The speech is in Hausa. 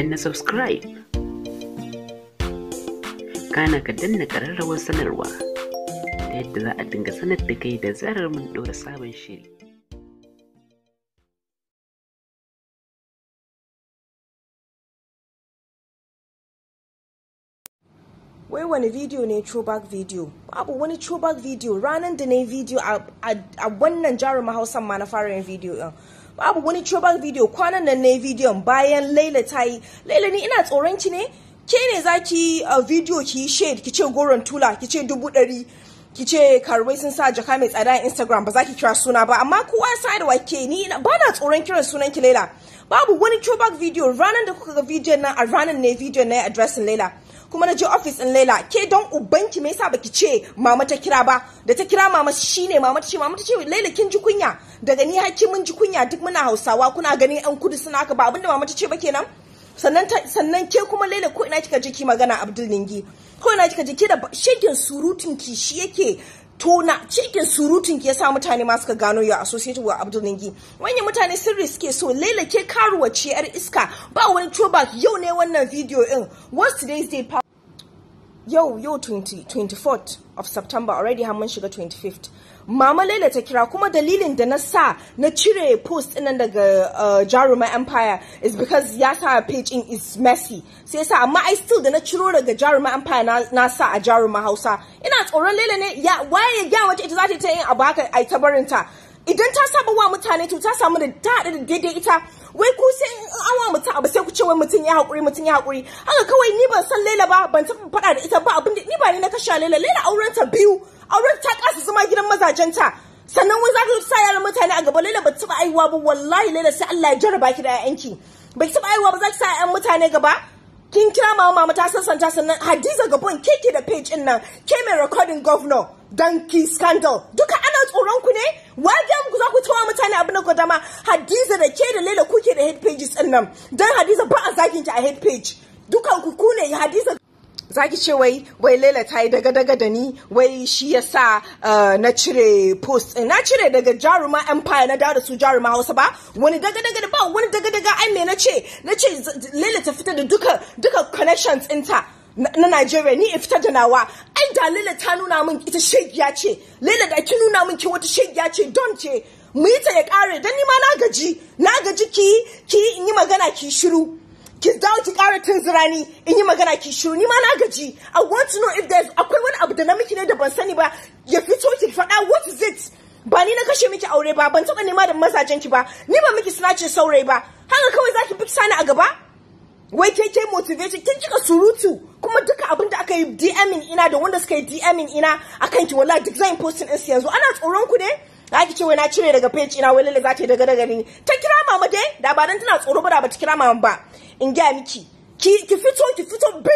danna subscribe kana ka danna ƙararrawar sanarwa ta yadda za a dinga sanar da kai da zarar mun ɗora sabon shiri wai wani video ne throwback video babu wani throwback video ranar da na yi video a wannan jarumin Hausa, ma na fara yin video babu wani chobal video kwanan nan ne bidiyon bayan laila ta yi laila ni ina tsoron ki ne ke ne za ki uh, video ki shade ki ce goron tula ki ce dubu ɗari ki ce karuwai sun sa jaka mai tsada a instagram ba za ki kira suna ba amma kowa sa da wake ni ba na tsoron kiran sunan ki laila babu wani throwback video ranar da kuka ga video na a ranan ne video na addressing laila kuma na je ofis din Laila ke don ubanki me yasa baki ce mama ta kira ba da ta kira mama shine mama ta ce mama ta ce Laila kin ji kunya daga ni har mun ji kunya duk muna Hausawa kuna ganin yan kudu suna haka ba abinda mama ta ce ba kenan sannan sannan ke kuma Laila ko ina kika ji ki magana Abdul Ningi ko ina kika ji ki da shegin surutun ki shi yake tona cikin surutun ke sa mutane ma suka gano ya associated wa Abdul Ningi manyan mutane sirri suke so lailake karuwa ciyar iska ba wani throwback yau ne wannan video din what's today's day yau yau 24th of september already har mun shiga 25th mama laila ta kira kuma dalilin da na sa na cire post ɗinnan daga uh, jaruma empire is because ya sa page in is messy sai sa amma i still da na ciro daga jaruma empire na, sa a jaruma hausa ina tsoron laila ne ya waye ya wace ita za ta yi abu haka ai ta barinta idan ta saba wa mutane to ta samu da ta da daidai ita wai ku sai in an wa mutum abu sai ku ce wai mutum ya haƙuri mutum ya haƙuri haka kawai ni ban san Laila ba ban taɓa faɗa da ita ba abin da ni ba ni na kashe Laila Laila auren ta biyu auren ta kasa zama gidan mazajenta sannan wai za ka sa yaran mutane a gaba Laila ba taɓa aiwa ba wallahi Laila sai Allah ya jarraba ki da 'ya'yanki ba ki taɓa aiwa ba za ki sa 'ya'yan mutane gaba kin kira mama mama ta sassanta sannan Hadiza Gabon keke da page din nan ke mai recording governor danki scandal duka ana tsoron ku ne wajen ku za ku tawa mutane abin da dama Hadiza da ke da Laila hate pages din nan dan hadiza ba a zagin ki a hate page dukan ku ku ne hadiza zaki ce wai wai Laila ta yi daga daga da ni wai shi ya sa eh, na cire post na cire daga jaruma empire na dawo da su jaruma hausa ba wani daga daga da ba wani daga daga ai me na ce na ce Laila ta fita da duka duka connections ɗinta na Najeriya ni in fita da nawa mata lila ta nuna min ita shegiya ce lila da ki nuna min ki wata shegiya ce don ce mu yi ta ya kare don ni ma na gaji na gaji ki ki in yi magana ki shiru ki dawo ki kara tunzirani in yi magana ki shiru ni ma na gaji i want to know if there's akwai wani abu da na miki ne da ban sani ba ya fito ki faɗa what is it ba ni na kashe miki aure ba ban taɓa nema da mazajen ki ba ni ba miki sinacin saurayi ba haka kawai zaki bi sani a gaba wai ke kai motivation kin kika surutu kuma duka abin da aka yi DM in ina da wanda suka yi DM in ina akan ki wallahi duk zan posting din su yanzu ana tsoron ku ne na ki ce wai na cire daga page ina wai lalle za ta yi daga daga ni ta kira mama dai da ba dan tana tsoro ba da ba ta kira mama ba in ga miki ki ki fito ki fito